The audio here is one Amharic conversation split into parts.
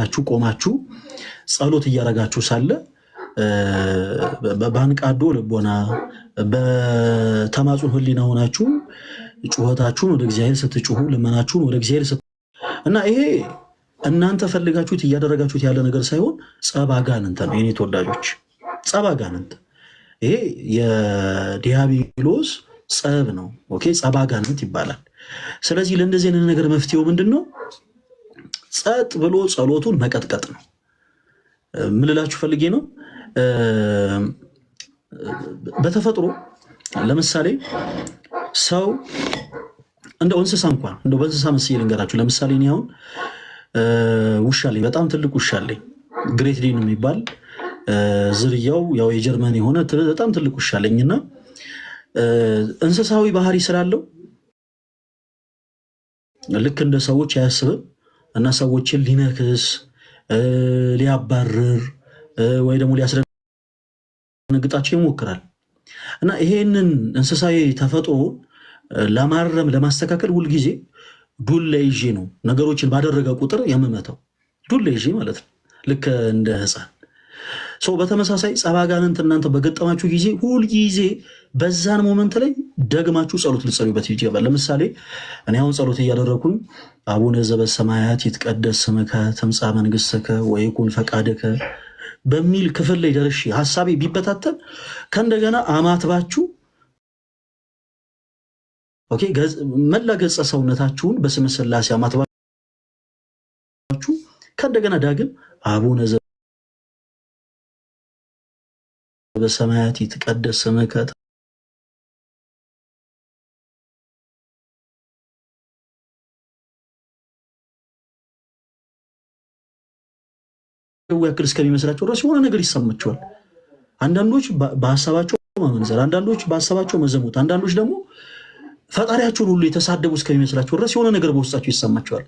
ላችሁ ቆማችሁ ጸሎት እያደረጋችሁ ሳለ በአንቃዶ ልቦና በተማጹን ህሊና ሆናችሁ ጩኸታችሁን ወደ እግዚአብሔር ስትጩሁ ልመናችሁን ወደ እግዚአብሔር እና ይሄ እናንተ ፈልጋችሁት እያደረጋችሁት ያለ ነገር ሳይሆን ጸብ አጋንንት ነው። የኔ ተወዳጆች ጸብ አጋንንት ይሄ የዲያብሎስ ጸብ ነው። ጸብ አጋንንት ይባላል። ስለዚህ ለእንደዚህ አይነት ነገር መፍትሄው ምንድን ነው? ጸጥ ብሎ ጸሎቱን መቀጥቀጥ ነው። ምን ፈልጌ ነው? በተፈጥሮ ለምሳሌ ሰው እንደ እንስሳ እንኳን እንደ በእንስሳ መስዬ ልንገራችሁ። ለምሳሌ እኔ አሁን ውሻ አለኝ፣ በጣም ትልቅ ውሻ አለኝ። ግሬት ዴን የሚባል ዝርያው ያው የጀርመን የሆነ በጣም ትልቅ ውሻ አለኝ እና እንስሳዊ ባህሪ ስላለው ልክ እንደ ሰዎች አያስብም እና ሰዎችን ሊነክስ ሊያባርር ወይ ደግሞ ሊያስደነግጣቸው ይሞክራል እና ይሄንን እንስሳዊ ተፈጥሮ ለማረም ለማስተካከል ሁልጊዜ ዱላ ይዤ ነው ነገሮችን ባደረገ ቁጥር የምመተው ዱላ ይዤ ማለት ነው ልክ እንደ ህፃን ሰው በተመሳሳይ ጸባጋንንት እናንተ በገጠማችሁ ጊዜ ሁልጊዜ በዛን ሞመንት ላይ ደግማችሁ ጸሎት ልትጸልዩበት ይገባል። ለምሳሌ እኔ አሁን ጸሎት እያደረግኩኝ አቡነ ዘበሰማያት ይትቀደስ ስምከ ትምጻእ መንግሥትከ ወይኩን ፈቃድከ በሚል ክፍል ላይ ደርሼ ሀሳቤ ቢበታተን ከእንደገና አማትባችሁ መላ ገጸ ሰውነታችሁን በስመ አማትባችሁ ከእንደገና ዳግም አቡነ በሰማያት ይትቀደስ ስምከ ያክል እስከሚመስላቸው ድረስ የሆነ ነገር ይሰማቸዋል። አንዳንዶች በሀሳባቸው ማመንዘር፣ አንዳንዶች በሀሳባቸው መዘሙት፣ አንዳንዶች ደግሞ ፈጣሪያቸውን ሁሉ የተሳደቡ እስከሚመስላቸው ድረስ የሆነ ነገር በውስጣቸው ይሰማቸዋል።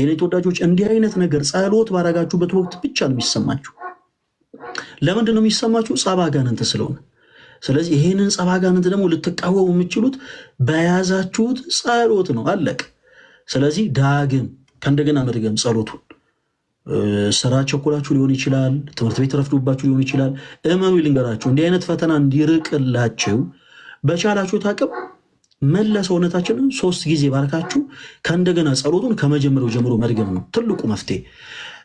የኔ ተወዳጆች እንዲህ አይነት ነገር ጸሎት ባረጋችሁበት ወቅት ብቻ ነው የሚሰማችሁ። ለምንድን ነው የሚሰማችሁ? ጸባ ጋንንት ስለሆነ። ስለዚህ ይሄንን ጸባ ጋንንት ደግሞ ልትቃወሙ የምችሉት በያዛችሁት ጸሎት ነው። አለቅ። ስለዚህ ዳግም ከእንደገና መድገም ጸሎቱን ስራ ቸኮላችሁ ሊሆን ይችላል። ትምህርት ቤት ረፍዶባችሁ ሊሆን ይችላል። እመኑ፣ ልንገራችሁ እንዲህ አይነት ፈተና እንዲርቅላችሁ በቻላችሁት አቅም መለስ እውነታችንን ሶስት ጊዜ ባርካችሁ ከእንደገና ጸሎቱን ከመጀመሪያው ጀምሮ መድገም ነው ትልቁ መፍትሄ።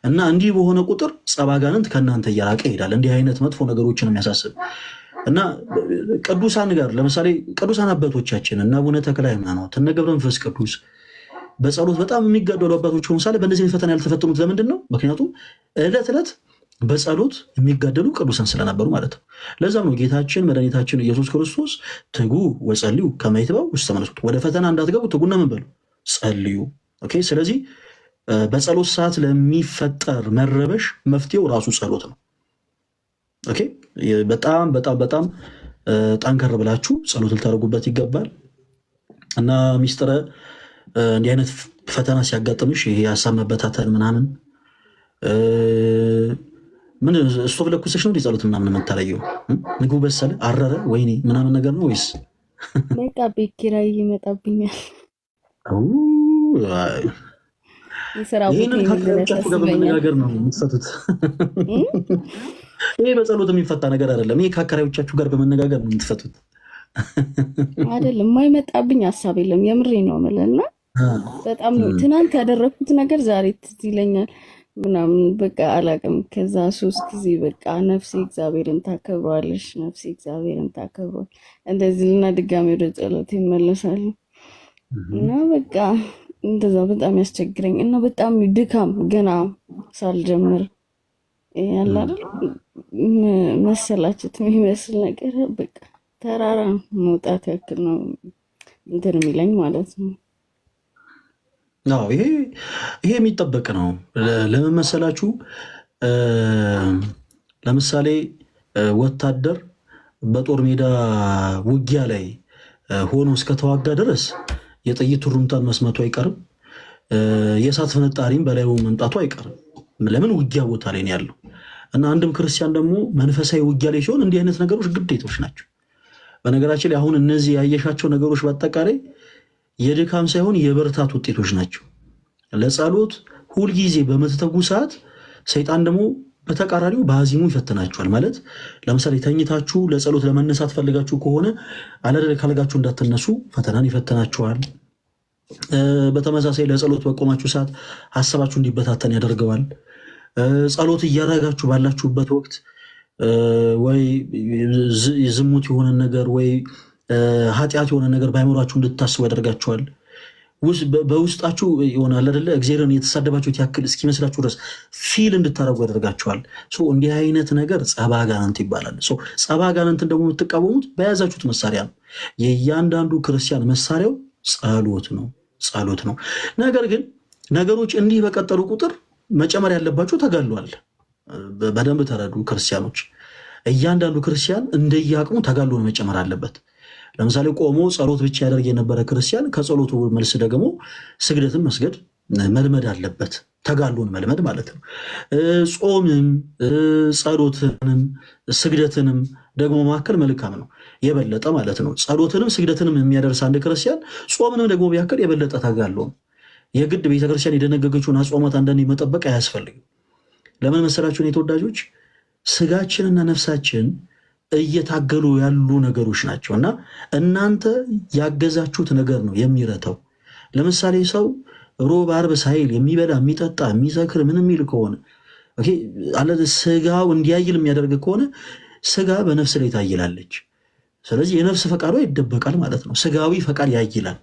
እና እንዲህ በሆነ ቁጥር ጸባጋንንት ከእናንተ እያራቀ ይሄዳል። እንዲህ አይነት መጥፎ ነገሮችን የሚያሳስብ እና ቅዱሳን ጋር ለምሳሌ ቅዱሳን አባቶቻችን እና አቡነ ተክለ ሃይማኖት እነ ገብረ መንፈስ ቅዱስ በጸሎት በጣም የሚጋደሉ አባቶች ሆኑ ሳለ በእነዚህ ፈተና ያልተፈተኑት ለምንድን ነው? ምክንያቱም እለት እለት በጸሎት የሚጋደሉ ቅዱሳን ስለነበሩ ማለት ነው። ለዛም ነው ጌታችን መድኃኒታችን ኢየሱስ ክርስቶስ ትጉ ወጸልዩ ከመ ይትበው ውስተ ወደ ፈተና እንዳትገቡ ትጉና ምን በሉ ጸልዩ። ስለዚህ በጸሎት ሰዓት ለሚፈጠር መረበሽ መፍትሄው ራሱ ጸሎት ነው። ኦኬ በጣም በጣም በጣም ጠንከር ብላችሁ ጸሎት ልታደርጉበት ይገባል እና ሚስጥረ እንዲህ አይነት ፈተና ሲያጋጥምሽ ይሄ የሀሳብ መበታተል ምናምን ምን ስቶቭ ለኩሰሽ ነው ጸሎት ምናምን የምታለየው ምግቡ በሰለ አረረ ወይኔ ምናምን ነገር ነው ወይስ በቃ ቤት ኪራይ ይመጣብኛል ይህንን ጋር በመነጋገር ነው የምትፈቱት። ይሄ በጸሎት የሚፈታ ነገር አይደለም። ይሄ ከአካባቢዎቻችሁ ጋር በመነጋገር ነው የምትፈቱት አይደለም። የማይመጣብኝ ሀሳብ የለም። የምሬ ነው ምልና በጣም ትናንት ያደረግኩት ነገር ዛሬ ትዝ ይለኛል ምናምን በቃ አላቅም። ከዛ ሶስት ጊዜ በቃ ነፍሴ እግዚአብሔርን ታከብሯለሽ፣ ነፍሴ እግዚአብሔርን ታከብሯል እንደዚህ ልና ድጋሚ ወደ ጸሎት ይመለሳሉ እና በቃ እንደዛ በጣም ያስቸግረኝ እና በጣም ድካም ገና ሳልጀምር ያለ መሰላችት የሚመስል ነገር በቃ ተራራ መውጣት ያክል ነው እንትን የሚለኝ ማለት ነው። ይሄ ይሄ የሚጠበቅ ነው። ለምን መሰላችሁ? ለምሳሌ ወታደር በጦር ሜዳ ውጊያ ላይ ሆኖ እስከተዋጋ ድረስ የጥይት ሩምታን መስመቱ አይቀርም። የእሳት ፍንጣሪም በላዩ መምጣቱ አይቀርም። ለምን ውጊያ ቦታ ላይ ነው ያለው እና አንድም ክርስቲያን ደግሞ መንፈሳዊ ውጊያ ላይ ሲሆን እንዲህ አይነት ነገሮች ግዴታዎች ናቸው። በነገራችን ላይ አሁን እነዚህ ያየሻቸው ነገሮች በአጠቃላይ የድካም ሳይሆን የብርታት ውጤቶች ናቸው። ለጸሎት ሁልጊዜ በምትተጉ ሰዓት ሰይጣን ደግሞ በተቃራኒው በአዚሙ ይፈትናችኋል። ማለት ለምሳሌ ተኝታችሁ ለጸሎት ለመነሳት ፈልጋችሁ ከሆነ አለደ ካልጋችሁ እንዳትነሱ ፈተናን ይፈትናችኋል። በተመሳሳይ ለጸሎት በቆማችሁ ሰዓት ሀሳባችሁ እንዲበታተን ያደርገዋል። ጸሎት እያደረጋችሁ ባላችሁበት ወቅት ወይ ዝሙት የሆነ ነገር ወይ ኃጢአት የሆነ ነገር በአይምሯችሁ እንድታስቡ ያደርጋችኋል። በውስጣችሁ ይሆናል አደለ እግዚአብሔርን የተሳደባችሁት ያክል እስኪመስላችሁ ድረስ ፊል እንድታደረጉ ያደርጋችኋል። እንዲህ አይነት ነገር ጸባ ጋንንት ይባላል። ጸባ ጋንንትን ደግሞ የምትቃወሙት በያዛችሁት መሳሪያ ነው። የእያንዳንዱ ክርስቲያን መሳሪያው ጸሎት ነው፣ ጸሎት ነው። ነገር ግን ነገሮች እንዲህ በቀጠሉ ቁጥር መጨመር ያለባቸው ተጋሏል በደንብ ተረዱ ክርስቲያኖች። እያንዳንዱ ክርስቲያን እንደየአቅሙ ተጋሎ መጨመር አለበት። ለምሳሌ ቆሞ ጸሎት ብቻ ያደርግ የነበረ ክርስቲያን ከጸሎቱ መልስ ደግሞ ስግደትን መስገድ መልመድ አለበት። ተጋሉን መልመድ ማለት ነው። ጾምም ጸሎትንም ስግደትንም ደግሞ መካከል መልካም ነው፣ የበለጠ ማለት ነው። ጸሎትንም ስግደትንም የሚያደርስ አንድ ክርስቲያን ጾምንም ደግሞ ቢያክል የበለጠ ተጋሉ የግድ ቤተክርስቲያን የደነገገችውን አጽዋማት አንዳንድ መጠበቅ አያስፈልግም። ለምን መሰላችሁን የተወዳጆች ስጋችንና ነፍሳችን እየታገሉ ያሉ ነገሮች ናቸው እና እናንተ ያገዛችሁት ነገር ነው የሚረተው። ለምሳሌ ሰው ሮብ አርብ ሳይል የሚበላ የሚጠጣ የሚዘክር ምን የሚል ከሆነ አለ ስጋው እንዲያይል የሚያደርግ ከሆነ ስጋ በነፍስ ላይ ታይላለች። ስለዚህ የነፍስ ፈቃዷ ይደበቃል ማለት ነው። ስጋዊ ፈቃድ ያይላል።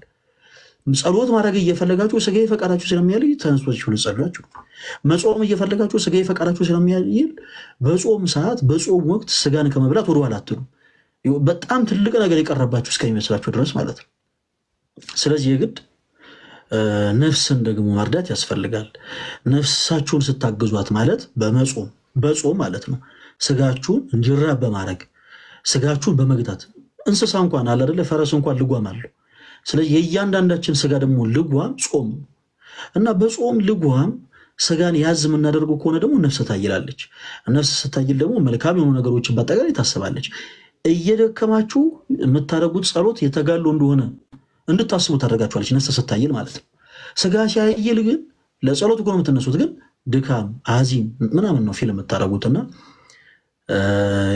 ጸሎት ማድረግ እየፈለጋችሁ ስጋ ፈቃዳችሁ ስለሚያልይ ተነስቶችሁ ልጸሏችሁ። መጾም እየፈለጋችሁ ስጋ ፈቃዳችሁ ስለሚያልል በጾም ሰዓት በጾም ወቅት ስጋን ከመብላት ወደኋላ አትሉ። በጣም ትልቅ ነገር የቀረባችሁ እስከሚመስላችሁ ድረስ ማለት ነው። ስለዚህ የግድ ነፍስን ደግሞ መርዳት ያስፈልጋል። ነፍሳችሁን ስታግዟት ማለት በመጾም በጾም ማለት ነው። ስጋችሁን እንዲራብ በማድረግ ስጋችሁን በመግታት እንስሳ እንኳን አለ አይደለ፣ ፈረስ እንኳን ልጓም አለው ስለዚህ የእያንዳንዳችን ስጋ ደግሞ ልጓም ጾም እና በጾም ልጓም ስጋን ያዝ የምናደርገው ከሆነ ደግሞ ነፍስ ታይላለች። ነፍስ ስታይል ደግሞ መልካም የሆኑ ነገሮችን በአጠቃላይ ታስባለች። እየደከማችሁ የምታደርጉት ጸሎት የተጋሎ እንደሆነ እንድታስቡ ታደርጋችኋለች። ነፍስ ስታይል ማለት ነው። ስጋ ሲያይል ግን ለጸሎት እኮ ነው የምትነሱት፣ ግን ድካም አዚም ምናምን ነው ፊልም የምታደርጉትና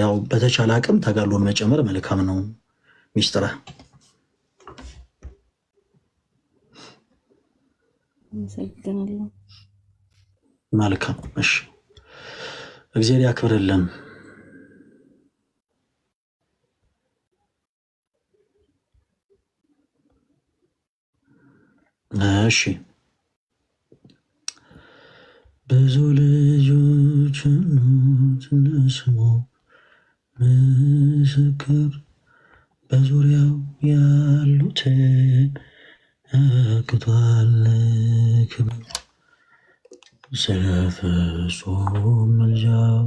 ያው በተቻለ አቅም ተጋሎን መጨመር መልካም ነው ሚስጥራ አመሰግናለሁ። መልካም እሺ፣ እግዚአብሔር ያክብርልን። እሺ ብዙ ልጆች ስሙ ምስክር በዙሪያው ያሉት አግቷል። ክብር ስለ ፍጹም ምልጃው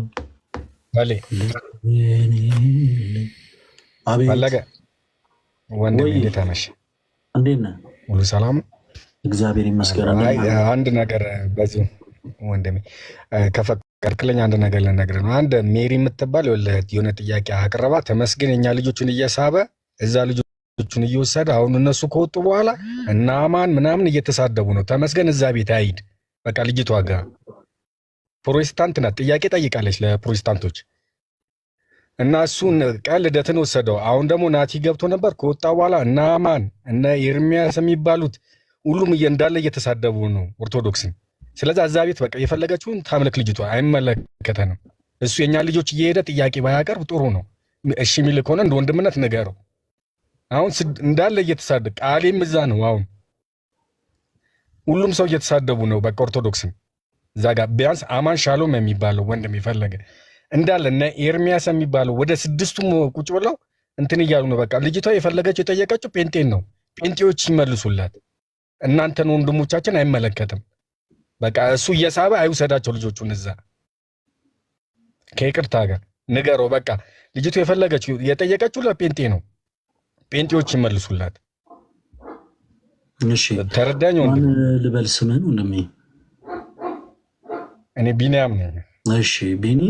ፈለገ ወንድሜ እንዴት አመሸህ? እንዴት ነህ? ሁሉ ሰላም? እግዚአብሔር ይመስገን። አንድ ነገር በዚሁ ወንድሜ ከፈቀድክልኝ አንድ ነገር ልነግርህ ነው። አንድ ሜሪ የምትባል የሆነ ጥያቄ አቅርባ ተመስገን የኛ ልጆችን እየሳበ እዛ ልጆ ልጁን እየወሰደ አሁን እነሱ ከወጡ በኋላ እና ማን ምናምን እየተሳደቡ ነው። ተመስገን እዛ ቤት አይድ በቃ ልጅቷ ጋር ፕሮቴስታንት ናት። ጥያቄ ጠይቃለች ለፕሮቴስታንቶች እና እሱን ቀልደትን ወሰደው። አሁን ደግሞ ናቲ ገብቶ ነበር። ከወጣ በኋላ እናማን ማን እነ ኤርሚያስ የሚባሉት ሁሉም እንዳለ እየተሳደቡ ነው ኦርቶዶክስን። ስለዚህ እዛ ቤት በቃ የፈለገችውን ታምልክ ልጅቷ፣ አይመለከተንም። እሱ የእኛ ልጆች እየሄደ ጥያቄ ባያቀርብ ጥሩ ነው። እሺ የሚል ከሆነ እንደ ወንድምነት ንገረው። አሁን እንዳለ እየተሳደብ ቃሌም እዛ ነው። አሁን ሁሉም ሰው እየተሳደቡ ነው። በቃ ኦርቶዶክስም እዛ ጋር ቢያንስ አማን ሻሎም የሚባለው ወንድም የፈለገ እንዳለ እነ ኤርሚያስ የሚባለው ወደ ስድስቱም ቁጭ ብለው እንትን እያሉ ነው። በቃ ልጅቷ የፈለገችው የጠየቀችው ጴንጤን ነው። ጴንጤዎች ይመልሱላት። እናንተን ወንድሞቻችን አይመለከትም። በቃ እሱ እየሳበ አይውሰዳቸው ልጆቹን እዛ ከይቅርታ ጋር ንገረው። በቃ ልጅቱ የፈለገችው የጠየቀችው ለጴንጤ ነው። ጴንጤዎች ይመልሱላት። ተረዳኝ። ልበል ስምን ወንድሜ እኔ ቢኒያም ነኝ። እሺ ቢኒ፣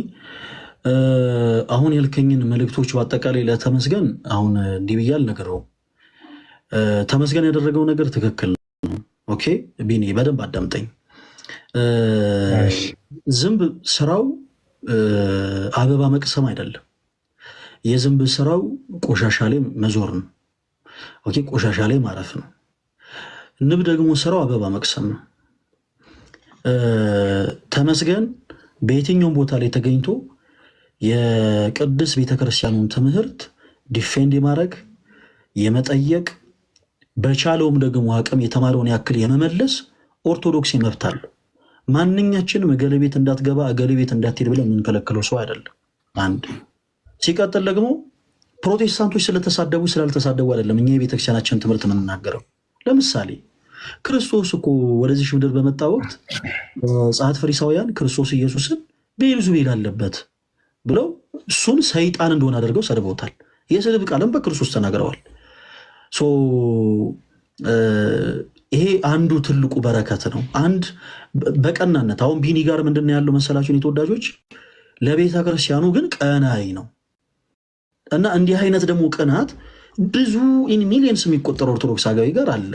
አሁን ያልከኝን መልእክቶች በአጠቃላይ ለተመስገን አሁን እንዲህ ብያል ነገረው። ተመስገን ያደረገው ነገር ትክክል ነው። ኦኬ ቢኒ፣ በደንብ አዳምጠኝ። ዝንብ ስራው አበባ መቅሰም አይደለም። የዝንብ ስራው ቆሻሻ ላይ መዞር ነው። ኦኬ፣ ቆሻሻ ላይ ማረፍ ነው። ንብ ደግሞ ስራው አበባ መቅሰም ነው። ተመስገን በየትኛውም ቦታ ላይ ተገኝቶ የቅድስት ቤተክርስቲያኑን ትምህርት ዲፌንድ የማድረግ የመጠየቅ በቻለውም ደግሞ አቅም የተማረውን ያክል የመመለስ ኦርቶዶክስ መብት አለ። ማንኛችንም እገሌ ቤት እንዳትገባ እገሌ ቤት እንዳትሄድ ብለን የምንከለክለው ሰው አይደለም። አንድ ሲቀጥል ደግሞ ፕሮቴስታንቶች ስለተሳደቡ ስላልተሳደቡ አይደለም እኛ የቤተክርስቲያናችን ትምህርት የምንናገረው። ለምሳሌ ክርስቶስ እኮ ወደዚህ ምድር በመጣ ወቅት ጸሐፍት ፈሪሳውያን ክርስቶስ ኢየሱስን ቤልዙቤል አለበት ብለው እሱም ሰይጣን እንደሆነ አድርገው ሰድበውታል። የስድብ ቃልም በክርስቶስ ተናግረዋል። ይሄ አንዱ ትልቁ በረከት ነው። አንድ በቀናነት አሁን ቢኒ ጋር ምንድን ያለው መሰላችሁን የተወዳጆች ለቤተ ክርስቲያኑ ግን ቀናይ ነው። እና እንዲህ አይነት ደግሞ ቅናት ብዙ ኢን ሚሊየንስ የሚቆጠሩ ኦርቶዶክስ አገቢ ጋር አለ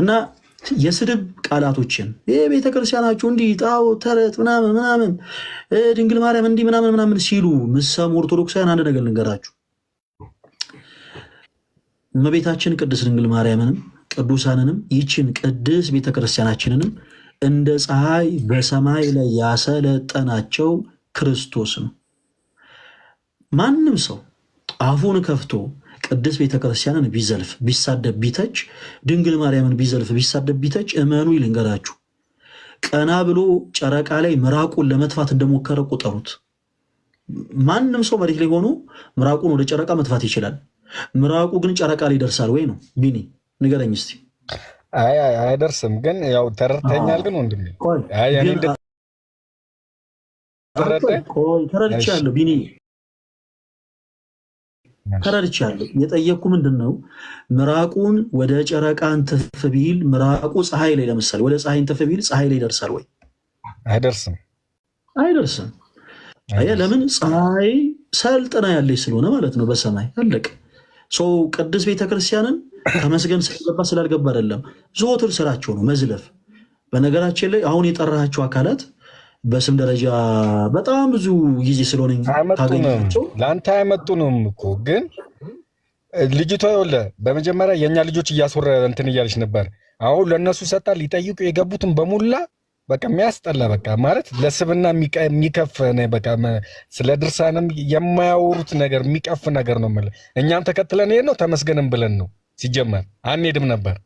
እና የስድብ ቃላቶችን ቤተክርስቲያናችሁ እንዲህ ጣው ተረት ምናምን ምናምን ድንግል ማርያም እንዲህ ምናምን ምናምን ሲሉ ምሰሙ ኦርቶዶክሳውያን አንድ ነገር ልንገራችሁ። እመቤታችን ቅድስት ድንግል ማርያምንም ቅዱሳንንም ይችን ቅድስት ቤተክርስቲያናችንንም እንደ ፀሐይ በሰማይ ላይ ያሰለጠናቸው ክርስቶስ ነው። ማንም ሰው አፉን ከፍቶ ቅድስት ቤተክርስቲያንን ቢዘልፍ፣ ቢሳደብ፣ ቢተች፣ ድንግል ማርያምን ቢዘልፍ፣ ቢሳደብ፣ ቢተች እመኑ ይልንገራችሁ ቀና ብሎ ጨረቃ ላይ ምራቁን ለመትፋት እንደሞከረ ቁጠሩት። ማንም ሰው መሬት ላይ ሆኖ ምራቁን ወደ ጨረቃ መትፋት ይችላል። ምራቁ ግን ጨረቃ ላይ ይደርሳል ወይ ነው? ቢኒ ንገረኝ እስኪ። አይደርስም። ግን ያው ተረድተኛል። ግን ወንድሜ ተረድቻለሁ ቢኒ ተረድቻለሁ። የጠየቅኩ ምንድን ነው ምራቁን ወደ ጨረቃ እንትፍ ቢል ምራቁ ፀሐይ ላይ ለምሳሌ ወደ ፀሐይ እንትፍ ቢል ፀሐይ ላይ ይደርሳል ወይ? አይደርስም። አይደርስም። ለምን? ፀሐይ ሰልጥና ያለች ስለሆነ ማለት ነው። በሰማይ አለቅ ሰው ቅድስት ቤተክርስቲያንን ከመስገን ስለገባ ስላልገባ አይደለም፣ ዘወትር ስራቸው ነው መዝለፍ። በነገራችን ላይ አሁን የጠራቸው አካላት በስም ደረጃ በጣም ብዙ ጊዜ ስለሆነ ታገኛቸው። ለአንተ አይመጡንም እኮ ግን ልጅቷ ወለ በመጀመሪያ የእኛ ልጆች እያስወረ እንትን እያለች ነበር። አሁን ለእነሱ ሰጣ ሊጠይቁ የገቡትን በሙላ በቃ የሚያስጠላ በቃ ማለት ለስብና የሚከፍ በቃ ስለ ድርሳንም የማያወሩት ነገር የሚቀፍ ነገር ነው። እኛም ተከትለን ይሄን ነው ተመስገንም ብለን ነው ሲጀመር አንሄድም ነበር።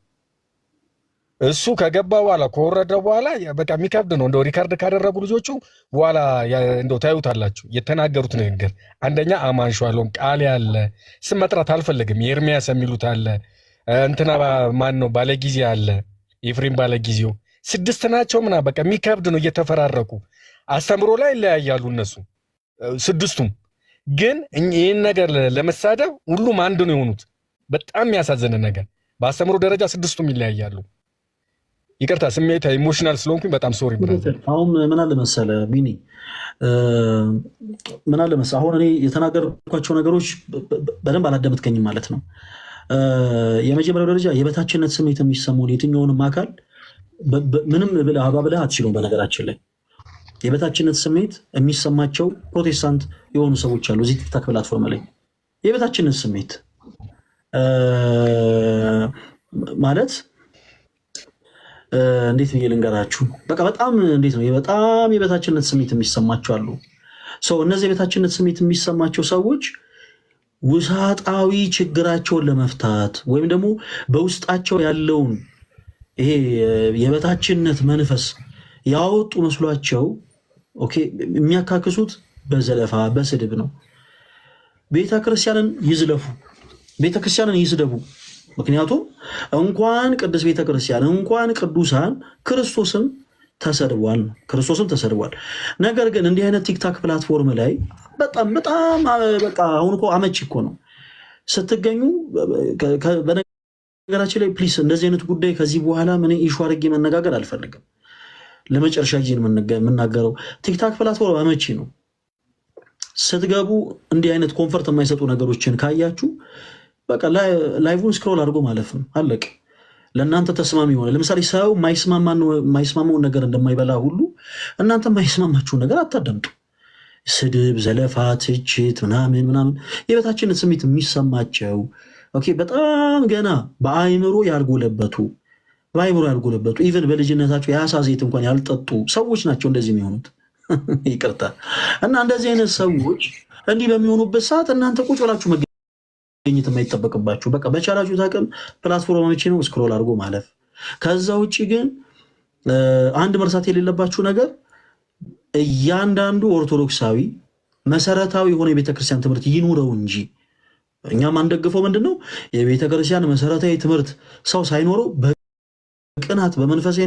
እሱ ከገባ በኋላ ከወረደ በኋላ በቃ የሚከብድ ነው። እንደው ሪካርድ ካደረጉ ልጆቹ በኋላ እንደው ታዩታላችሁ የተናገሩት ንግግር። አንደኛ አማንሹ ሸዋለውን ቃል ያለ ስም መጥራት አልፈለግም። የኤርሚያስ የሚሉት አለ እንትና ማን ነው ባለጊዜ አለ ኤፍሬም ባለጊዜው ስድስት ናቸው ምና በቃ የሚከብድ ነው። እየተፈራረቁ አስተምሮ ላይ ይለያያሉ እነሱ ስድስቱም። ግን ይህን ነገር ለመሳደብ ሁሉም አንድ ነው የሆኑት። በጣም የሚያሳዝን ነገር በአስተምሮ ደረጃ ስድስቱም ይለያያሉ። ይቅርታ ስሜት ኢሞሽናል ስለሆንኩኝ በጣም ሶሪ። አሁን ምን አለ መሰለ ቢኒ፣ ምን አለ መሰለ አሁን እኔ የተናገርኳቸው ነገሮች በደንብ አላዳመጥከኝም ማለት ነው። የመጀመሪያው ደረጃ የበታችነት ስሜት የሚሰማውን የትኛውንም አካል ምንም ብለህ አባብለህ አትችሉም። በነገራችን ላይ የበታችነት ስሜት የሚሰማቸው ፕሮቴስታንት የሆኑ ሰዎች አሉ። እዚህ ቲክታክ ፕላትፎርም ላይ የበታችነት ስሜት ማለት እንዴት ብዬ ልንገራችሁ፣ በቃ በጣም እንዴት ነው በጣም የበታችነት ስሜት የሚሰማቸው አሉ። ሰው እነዚህ የበታችነት ስሜት የሚሰማቸው ሰዎች ውሳጣዊ ችግራቸውን ለመፍታት ወይም ደግሞ በውስጣቸው ያለውን ይሄ የበታችነት መንፈስ ያወጡ መስሏቸው ኦኬ የሚያካክሱት በዘለፋ በስድብ ነው። ቤተክርስቲያንን ይዝለፉ፣ ቤተክርስቲያንን ይስደቡ። ምክንያቱም እንኳን ቅድስት ቤተክርስቲያን እንኳን ቅዱሳን ክርስቶስም ተሰድቧል ክርስቶስም ተሰድቧል። ነገር ግን እንዲህ አይነት ቲክታክ ፕላትፎርም ላይ በጣም በጣም በቃ አሁን እኮ አመቺ እኮ ነው ስትገኙ። በነገራችን ላይ ፕሊስ እንደዚህ አይነት ጉዳይ ከዚህ በኋላ ምን ኢሹ አድርጌ መነጋገር አልፈልግም። ለመጨረሻ ጊዜ የምናገረው ቲክታክ ፕላትፎርም አመቺ ነው። ስትገቡ እንዲህ አይነት ኮንፈርት የማይሰጡ ነገሮችን ካያችሁ በቃ ላይቭን ስክሮል አድርጎ ማለፍ ነው። አለቅ ለእናንተ ተስማሚ ሆነ። ለምሳሌ ሰው ማይስማማውን ነገር እንደማይበላ ሁሉ እናንተ የማይስማማችሁን ነገር አታደምጡ። ስድብ፣ ዘለፋ፣ ትችት ምናምን ምናምን የበታችነት ስሜት የሚሰማቸው ኦኬ፣ በጣም ገና በአይምሮ ያልጎለበቱ በአይምሮ ያልጎለበቱ ኢቨን በልጅነታቸው የአሳ ዘይት እንኳን ያልጠጡ ሰዎች ናቸው እንደዚህ የሚሆኑት። ይቅርታ እና እንደዚህ አይነት ሰዎች እንዲህ በሚሆኑበት ሰዓት እናንተ ቁጭ ብላችሁ ግኝት የማይጠበቅባችሁ በቃ በቻላችሁት አቅም ፕላትፎርሞች ነው ስክሮል አድርጎ ማለፍ። ከዛ ውጭ ግን አንድ መርሳት የሌለባችሁ ነገር እያንዳንዱ ኦርቶዶክሳዊ መሰረታዊ የሆነ የቤተክርስቲያን ትምህርት ይኑረው እንጂ እኛም አንደግፈው ምንድን ነው የቤተክርስቲያን መሰረታዊ ትምህርት ሰው ሳይኖረው በቅናት በመንፈሴ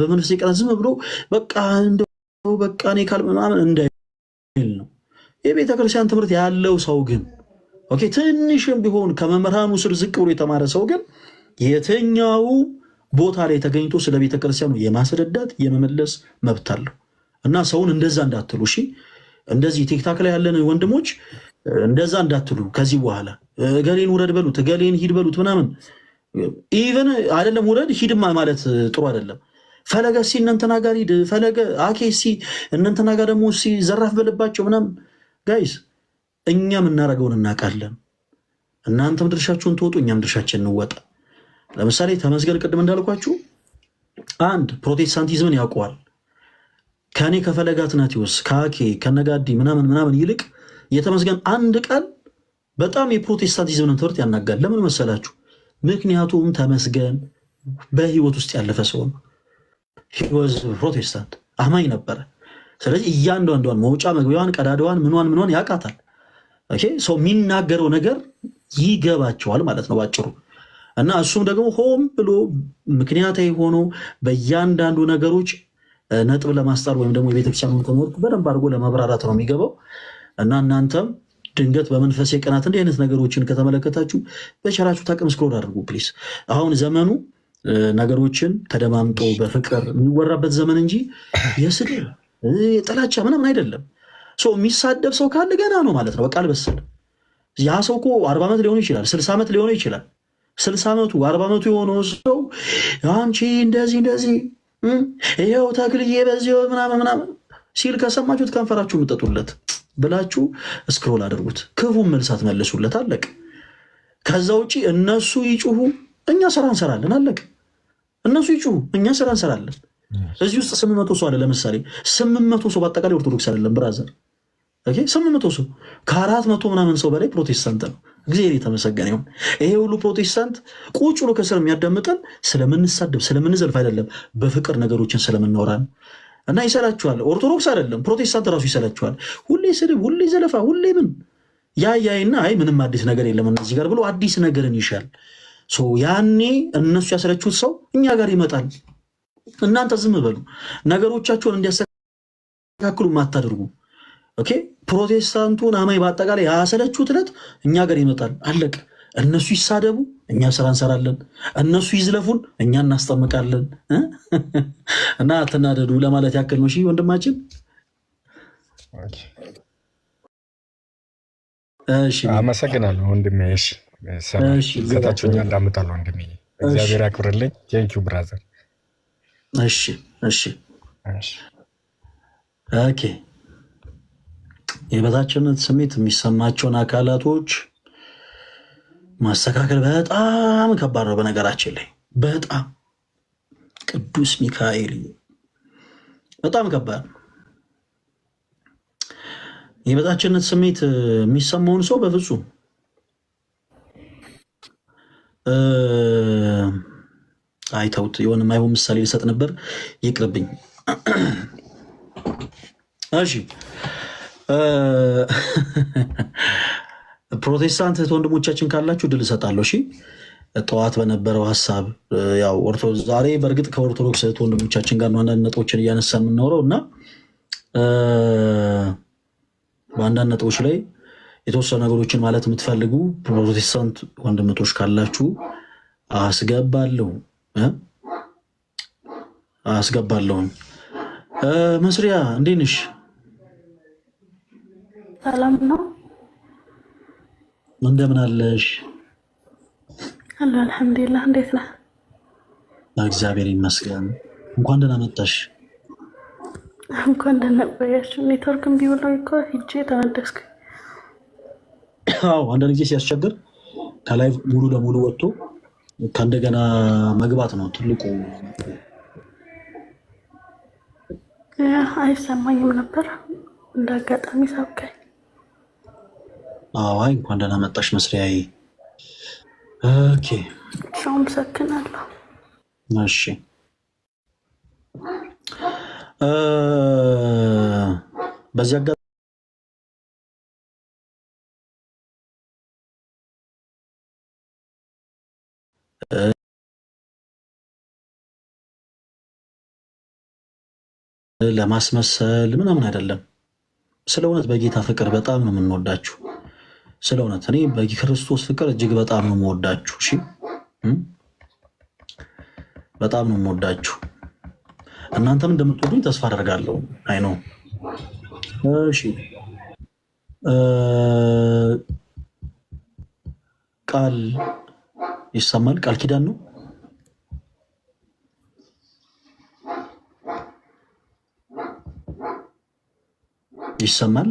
በመንፈሴ ቅናት ዝም ብሎ በቃ እንደው በቃ እኔ ካልምናምን እንዳይል ነው። የቤተክርስቲያን ትምህርት ያለው ሰው ግን ኦኬ ትንሽም ቢሆን ከመምህራኑ ስር ዝቅ ብሎ የተማረ ሰው ግን የትኛው ቦታ ላይ ተገኝቶ ስለ ቤተክርስቲያኑ የማስረዳት የመመለስ መብት አለው እና ሰውን እንደዛ እንዳትሉ እሺ። እንደዚህ ቲክታክ ላይ ያለን ወንድሞች እንደዛ እንዳትሉ። ከዚህ በኋላ እገሌን ውረድ በሉት፣ እገሌን ሂድ በሉት ምናምን ኢቨን አይደለም ውረድ ሂድማ ማለት ጥሩ አይደለም። ፈለገ ሲ እነንተና ጋር ሂድ፣ ፈለገ አኬ ሲ እነንተና ጋር ደግሞ ሲ ዘራፍ በልባቸው ምናምን ጋይስ እኛ የምናደርገውን እናውቃለን። እናንተም ድርሻችሁን ትወጡ፣ እኛም ድርሻችን እንወጣ። ለምሳሌ ተመስገን ቅድም እንዳልኳችሁ አንድ ፕሮቴስታንቲዝምን ያውቀዋል። ከእኔ ከፈለገ አትናቴዎስ ከአኬ ከነጋዴ ምናምን ምናምን ይልቅ የተመስገን አንድ ቀን በጣም የፕሮቴስታንቲዝምን ትምህርት ያናጋል። ለምን መሰላችሁ? ምክንያቱም ተመስገን በህይወት ውስጥ ያለፈ ሰው ነው። ፕሮቴስታንት አማኝ ነበረ። ስለዚህ እያንዳንዷን መውጫ መግቢያዋን፣ ቀዳዳዋን፣ ምኗን ምኗን ያውቃታል። ሰው የሚናገረው ነገር ይገባቸዋል ማለት ነው ባጭሩ። እና እሱም ደግሞ ሆም ብሎ ምክንያታዊ ሆኖ በእያንዳንዱ ነገሮች ነጥብ ለማስጣል ወይም ደግሞ የቤተክርስቲያኑን ትምህርት በደንብ አድርጎ ለመብራራት ነው የሚገባው። እና እናንተም ድንገት በመንፈስ ቀናት እንዲህ አይነት ነገሮችን ከተመለከታችሁ በቸራችሁ ታቅም ስክሮል አድርጉ ፕሊስ። አሁን ዘመኑ ነገሮችን ተደማምጦ በፍቅር የሚወራበት ዘመን እንጂ የስድብ የጥላቻ ምናምን አይደለም። የሚሳደብ ሰው ካለ ገና ነው ማለት ነው። በቃ አልበሰለም። ያ ሰው እኮ አርባ ዓመት ሊሆን ይችላል፣ ስልሳ ዓመት ሊሆን ይችላል። ስልሳ ዓመቱ አርባ ዓመቱ የሆነው ሰው አንቺ እንደዚህ እንደዚህ ይኸው ተክልዬ በዚህ ምናምን ምናምን ሲል ከሰማችሁት ከንፈራችሁ ምጠጡለት ብላችሁ እስክሮል አድርጉት። ክፉን መልሳት መልሱለት፣ አለቅ። ከዛ ውጭ እነሱ ይጩሁ፣ እኛ ስራ እንሰራለን። አለቅ። እነሱ ይጩሁ፣ እኛ ስራ እንሰራለን። እዚህ ውስጥ ስምንት መቶ ሰው አለ። ለምሳሌ ስምንት መቶ ሰው በአጠቃላይ ኦርቶዶክስ አይደለም ብራዘር ስምንት መቶ ሰው ከአራት መቶ ምናምን ሰው በላይ ፕሮቴስታንት ነው። እግዚአብሔር የተመሰገነ ይሁን። ይሄ ሁሉ ፕሮቴስታንት ቁጭ ብሎ ከስር የሚያዳምጠን ስለምንሳደብ ስለምንዘልፍ አይደለም፣ በፍቅር ነገሮችን ስለምናወራ እና ይሰላችኋል። ኦርቶዶክስ አይደለም ፕሮቴስታንት ራሱ ይሰላችኋል። ሁሌ ስድብ፣ ሁሌ ዘለፋ፣ ሁሌ ምን ያይና አይ ምንም አዲስ ነገር የለም እነዚህ ጋር ብሎ አዲስ ነገርን ይሻል። ያኔ እነሱ ያሰለችሁት ሰው እኛ ጋር ይመጣል። እናንተ ዝም በሉ ነገሮቻቸውን እንዲያስተካክሉ ማታደርጉ ኦኬ ፕሮቴስታንቱን አማኝ በአጠቃላይ ያሰለችው ትለት እኛ ጋር ይመጣል። አለቀ። እነሱ ይሳደቡ፣ እኛ ስራ እንሰራለን። እነሱ ይዝለፉን፣ እኛ እናስጠምቃለን። እና አትናደዱ ለማለት ያክል ነው። እሺ ወንድማችን። አመሰግናለሁ ወንድሜ። ሰታችሁኛ እንዳምጣለሁ ወንድሜ። እግዚአብሔር ያክብርልኝ። ቴንኪው ብራዘር። እሺ እሺ ኦኬ የበታችነት ስሜት የሚሰማቸውን አካላቶች ማስተካከል በጣም ከባድ ነው። በነገራችን ላይ በጣም ቅዱስ ሚካኤል በጣም ከባድ ነው። የበታችነት ስሜት የሚሰማውን ሰው በፍጹም አይተውት የሆነ ማይሆን ምሳሌ ልሰጥ ነበር፣ ይቅርብኝ። እሺ ፕሮቴስታንት እህት ወንድሞቻችን ካላችሁ ድል እሰጣለሁ። እሺ ጠዋት በነበረው ሀሳብ ያው ዛሬ በእርግጥ ከኦርቶዶክስ እህት ወንድሞቻችን ጋር አንዳንድ ነጥቦችን እያነሳ የምንኖረው እና በአንዳንድ ነጥቦች ላይ የተወሰኑ ነገሮችን ማለት የምትፈልጉ ፕሮቴስታንት ወንድምቶች ካላችሁ አስገባለሁ አስገባለሁኝ። መስሪያ እንዴት ነሽ? ሰላም ነው? እንደምን አለሽ? አለ አልሐምዱሊላህ። እንዴት ነህ? እግዚአብሔር ይመስገን። እንኳን ደህና መጣሽ። እንኳን ደህና ቆያችሁ። ኔትወርክም ቢውለው እኮ ሂጄ ተመለስኩ። አዎ አንዳንድ ጊዜ ሲያስቸግር ከላይ ሙሉ ለሙሉ ወጥቶ ከእንደገና መግባት ነው ትልቁ። አይሰማኝም ነበር እንደ አጋጣሚ ሳብካኝ አዋይ እንኳን ደህና መጣሽ መስሪያ። ኦኬ ሻውም ሰክናለሁ። እሺ በዚህ ለማስመሰል ምናምን አይደለም፣ ስለ እውነት በጌታ ፍቅር በጣም ነው የምንወዳችሁ። ስለ እውነት እኔ በክርስቶስ ፍቅር እጅግ በጣም ነው የምወዳችሁ። እሺ በጣም ነው የምወዳችሁ። እናንተም እንደምትወዱኝ ተስፋ አደርጋለሁ። አይ ነው እሺ። ቃል ይሰማል። ቃል ኪዳን ነው። ይሰማል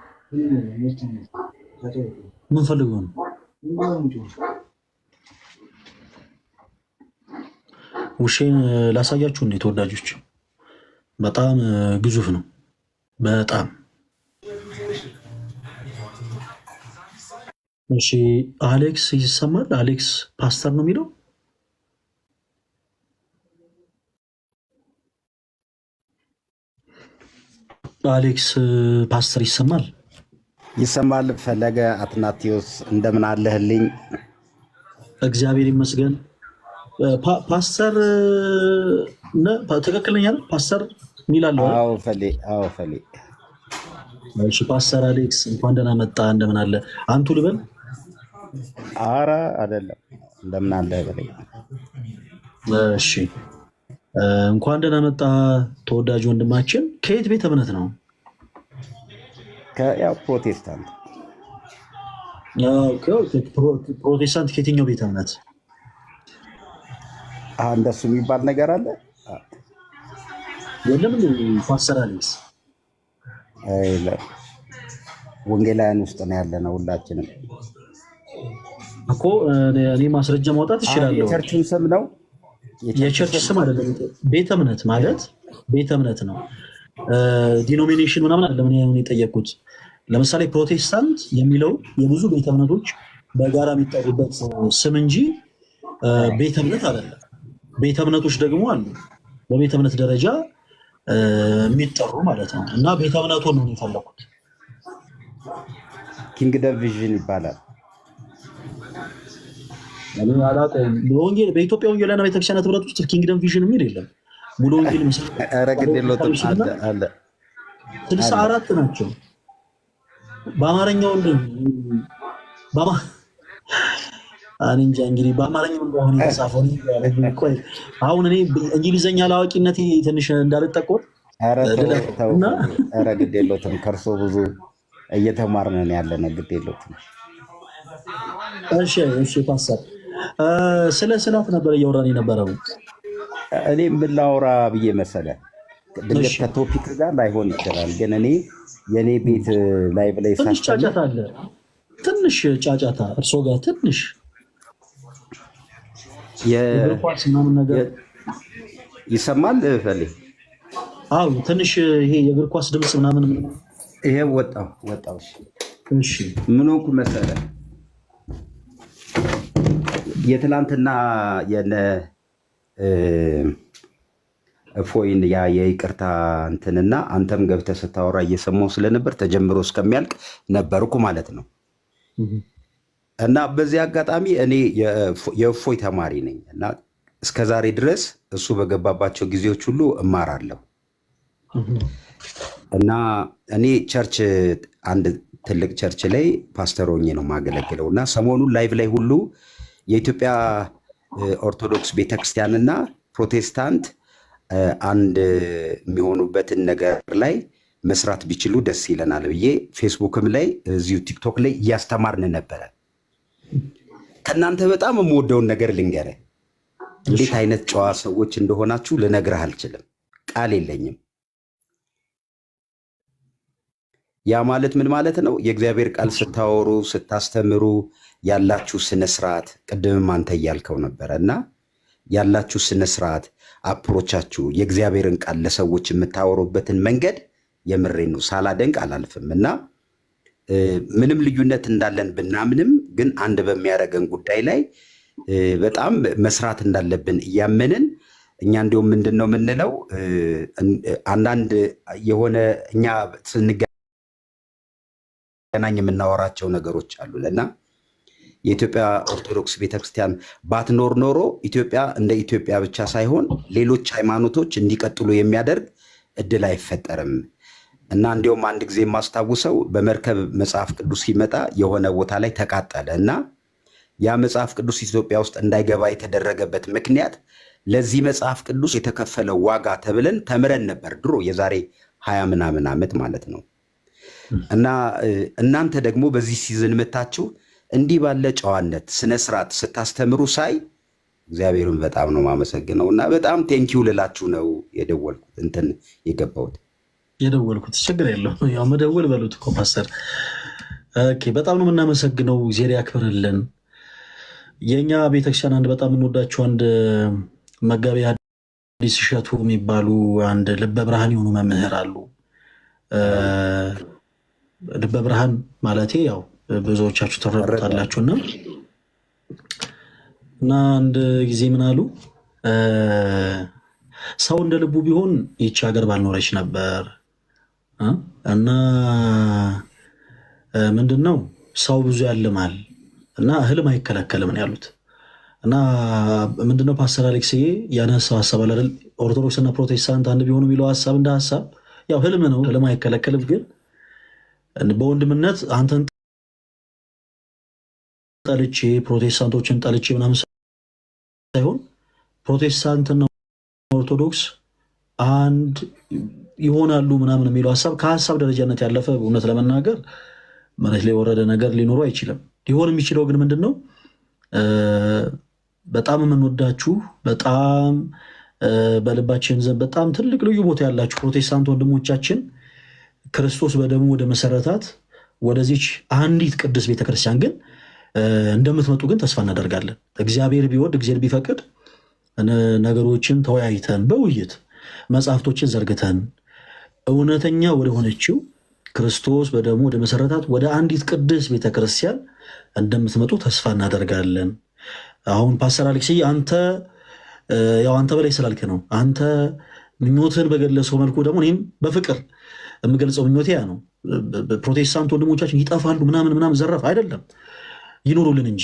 ምን ፈልገው ነው? ውሼን ላሳያችሁ እንዴ ተወዳጆች፣ በጣም ግዙፍ ነው። በጣም እሺ። አሌክስ ይሰማል? አሌክስ ፓስተር ነው የሚለው አሌክስ ፓስተር ይሰማል? ይሰማል ፈለገ አትናቴዎስ እንደምን አለህልኝ? እግዚአብሔር ይመስገን። ፓስተር ትክክለኛ ፓስተር ሚላለሁ። ፈሌ ፓስተር አሌክስ እንኳን ደህና መጣ። እንደምን አለ አንቱ ልበል? አረ አይደለም፣ እንደምን አለ በለ። እሺ እንኳን ደህና መጣ ተወዳጅ ወንድማችን። ከየት ቤተ እምነት ነው? ያው ፕሮቴስታንት ፕሮቴስታንት ከየትኛው ቤተ እምነት እንደሱ የሚባል ነገር አለ? የለም ፓስተር ወንጌላውያን ውስጥ ነው ያለ ነው። ሁላችንም እኮ እኔ ማስረጃ ማውጣት እችላለሁ። የቸርችን ስም ነው የቸርች ስም አይደለም። ቤተ እምነት ማለት ቤተ እምነት ነው። ዲኖሚኔሽን ምናምን ለምን የጠየቁት ለምሳሌ ፕሮቴስታንት የሚለው የብዙ ቤተ እምነቶች በጋራ የሚጠሩበት ስም እንጂ ቤተ እምነት አይደለም። ቤተ እምነቶች ደግሞ አሉ፣ በቤተ እምነት ደረጃ የሚጠሩ ማለት ነው። እና ቤተ እምነቱ ነው የፈለኩት። ኪንግደም ቪዥን ይባላል። በኢትዮጵያ ወንጌላና ቤተክርስቲያናት ህብረት ውስጥ ኪንግደም ቪዥን የሚል የለም። ሙሉ ወንጌል ስልሳ አራት ናቸው። በአማርኛው እንጃ እንግዲህ በአማርኛው እንደሆነ የተጻፈው አሁን እኔ እንግሊዘኛ ለአዋቂነት ትንሽ እንዳልጠቆር ኧረ ግድ የለውም ከእርሶ ብዙ እየተማርን ያለን ግድ የለውም። እሺ እሺ፣ ፓስተር ስለ ስላት ነበር እያወራን የነበረው እኔ ምን ላውራ ብዬ መሰለ ድንገት ከቶፒክ ጋር ላይሆን ይችላል፣ ግን እኔ የእኔ ቤት ላይ ብላይ ትንሽ ጫጫታ አለ። ትንሽ ጫጫታ እርሶ ጋር ትንሽ ይሰማል። ፈሌ አዎ፣ ትንሽ ይሄ የእግር ኳስ ድምፅ ምናምን ይሄ ወጣው ወጣው። እሺ ምን ሆንኩ መሰለ የትላንትና የነ እፎይን ያ የይቅርታ እንትንና አንተም ገብተህ ስታወራ እየሰማው ስለነበር ተጀምሮ እስከሚያልቅ ነበርኩ ማለት ነው። እና በዚህ አጋጣሚ እኔ የእፎይ ተማሪ ነኝ እና እስከ ዛሬ ድረስ እሱ በገባባቸው ጊዜዎች ሁሉ እማራለሁ እና እኔ ቸርች አንድ ትልቅ ቸርች ላይ ፓስተር ሆኜ ነው የማገለግለው እና ሰሞኑን ላይቭ ላይ ሁሉ የኢትዮጵያ ኦርቶዶክስ ቤተክርስቲያንና ፕሮቴስታንት አንድ የሚሆኑበትን ነገር ላይ መስራት ቢችሉ ደስ ይለናል ብዬ ፌስቡክም ላይ እዚሁ ቲክቶክ ላይ እያስተማርን ነበረ። ከእናንተ በጣም የምወደውን ነገር ልንገረ እንዴት አይነት ጨዋ ሰዎች እንደሆናችሁ ልነግርህ አልችልም፣ ቃል የለኝም። ያ ማለት ምን ማለት ነው? የእግዚአብሔር ቃል ስታወሩ ስታስተምሩ ያላችሁ ስነስርዓት ቅድምም አንተ እያልከው ነበረ እና ያላችሁ ስነስርዓት አፕሮቻችሁ የእግዚአብሔርን ቃል ለሰዎች የምታወሩበትን መንገድ የምሬ ነው ሳላደንቅ አላልፍም እና ምንም ልዩነት እንዳለን ብናምንም ግን አንድ በሚያደርገን ጉዳይ ላይ በጣም መስራት እንዳለብን እያመንን እኛ እንዲሁም ምንድን ነው የምንለው አንዳንድ የሆነ እኛ ስንገናኝ የምናወራቸው ነገሮች አሉ እና የኢትዮጵያ ኦርቶዶክስ ቤተክርስቲያን ባትኖር ኖሮ ኢትዮጵያ እንደ ኢትዮጵያ ብቻ ሳይሆን ሌሎች ሃይማኖቶች እንዲቀጥሉ የሚያደርግ እድል አይፈጠርም እና እንዲሁም አንድ ጊዜ የማስታውሰው በመርከብ መጽሐፍ ቅዱስ ሲመጣ የሆነ ቦታ ላይ ተቃጠለ እና ያ መጽሐፍ ቅዱስ ኢትዮጵያ ውስጥ እንዳይገባ የተደረገበት ምክንያት ለዚህ መጽሐፍ ቅዱስ የተከፈለ ዋጋ ተብለን ተምረን ነበር ድሮ የዛሬ ሀያ ምናምን ዓመት ማለት ነው። እና እናንተ ደግሞ በዚህ ሲዝን መታችሁ እንዲህ ባለ ጨዋነት ስነ ስርዓት ስታስተምሩ ሳይ እግዚአብሔርን በጣም ነው ማመሰግነው እና በጣም ቴንኪው ልላችሁ ነው የደወልኩት እንትን የገባሁት የደወልኩት ችግር የለውም። ያው መደወል በሉት እኮ ፓስተር። ኦኬ በጣም ነው የምናመሰግነው። ዜር ያክብርልን። የእኛ ቤተክርስቲያን አንድ በጣም የምንወዳቸው አንድ መጋቢ አዲስ እሸቱ የሚባሉ አንድ ልበ ብርሃን የሆኑ መምህር አሉ። ልበ ብርሃን ማለቴ ያው ብዙዎቻችሁ ተረዱታላችሁና እና አንድ ጊዜ ምን አሉ ሰው እንደ ልቡ ቢሆን ይቺ ሀገር ባልኖረች ነበር። እና ምንድን ነው ሰው ብዙ ያልማል እና እህልም አይከለከልም ነው ያሉት። እና ምንድነው ፓስተር አሌክስዬ ያነሳው ሀሳብ አለ አይደል? ፕሮቴስታንት አንድ ቢሆኑ የሚለው ሀሳብ እንደ ሀሳብ ያው ህልም ነው፣ ህልም አይከለከልም። ግን በወንድምነት አንተን ጠልቼ ፕሮቴስታንቶችን ጠልቼ ምናምን ሳይሆን ፕሮቴስታንትና ኦርቶዶክስ አንድ ይሆናሉ ምናምን የሚለው ሀሳብ ከሀሳብ ደረጃነት ያለፈ እውነት ለመናገር መሬት ላይ የወረደ ነገር ሊኖሩ አይችልም። ሊሆን የሚችለው ግን ምንድን ነው? በጣም የምንወዳችሁ በጣም በልባችን ዘንድ በጣም ትልቅ ልዩ ቦታ ያላችሁ ፕሮቴስታንት ወንድሞቻችን ክርስቶስ በደሙ ወደ መሰረታት ወደዚች አንዲት ቅድስት ቤተክርስቲያን ግን እንደምትመጡ ግን ተስፋ እናደርጋለን። እግዚአብሔር ቢወድ እግዚአብሔር ቢፈቅድ ነገሮችን ተወያይተን በውይይት መጽሐፍቶችን ዘርግተን እውነተኛ ወደሆነችው ክርስቶስ በደሙ ወደ መሰረታት ወደ አንዲት ቅድስት ቤተክርስቲያን እንደምትመጡ ተስፋ እናደርጋለን። አሁን ፓስተር አሌክስ አንተ ያው አንተ በላይ ስላልክ ነው። አንተ ምኞትን በገለጸው መልኩ ደግሞ እኔም በፍቅር የምገልጸው ምኞቴ ያ ነው። ፕሮቴስታንት ወንድሞቻችን ይጠፋሉ ምናምን ምናምን ዘረፍ አይደለም ይኑሩልን እንጂ።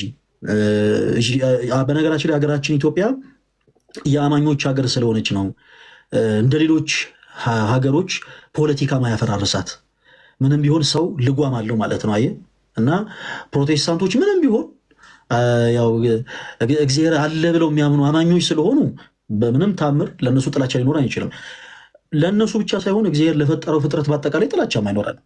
በነገራችን ላይ ሀገራችን ኢትዮጵያ የአማኞች ሀገር ስለሆነች ነው እንደ ሌሎች ሀገሮች ፖለቲካ ማያፈራርሳት። ምንም ቢሆን ሰው ልጓም አለው ማለት ነው። አየህ እና ፕሮቴስታንቶች ምንም ቢሆን ያው እግዚአብሔር አለ ብለው የሚያምኑ አማኞች ስለሆኑ በምንም ታምር ለእነሱ ጥላቻ ሊኖር አይችልም። ለእነሱ ብቻ ሳይሆን እግዚአብሔር ለፈጠረው ፍጥረት በአጠቃላይ ጥላቻ አይኖራል።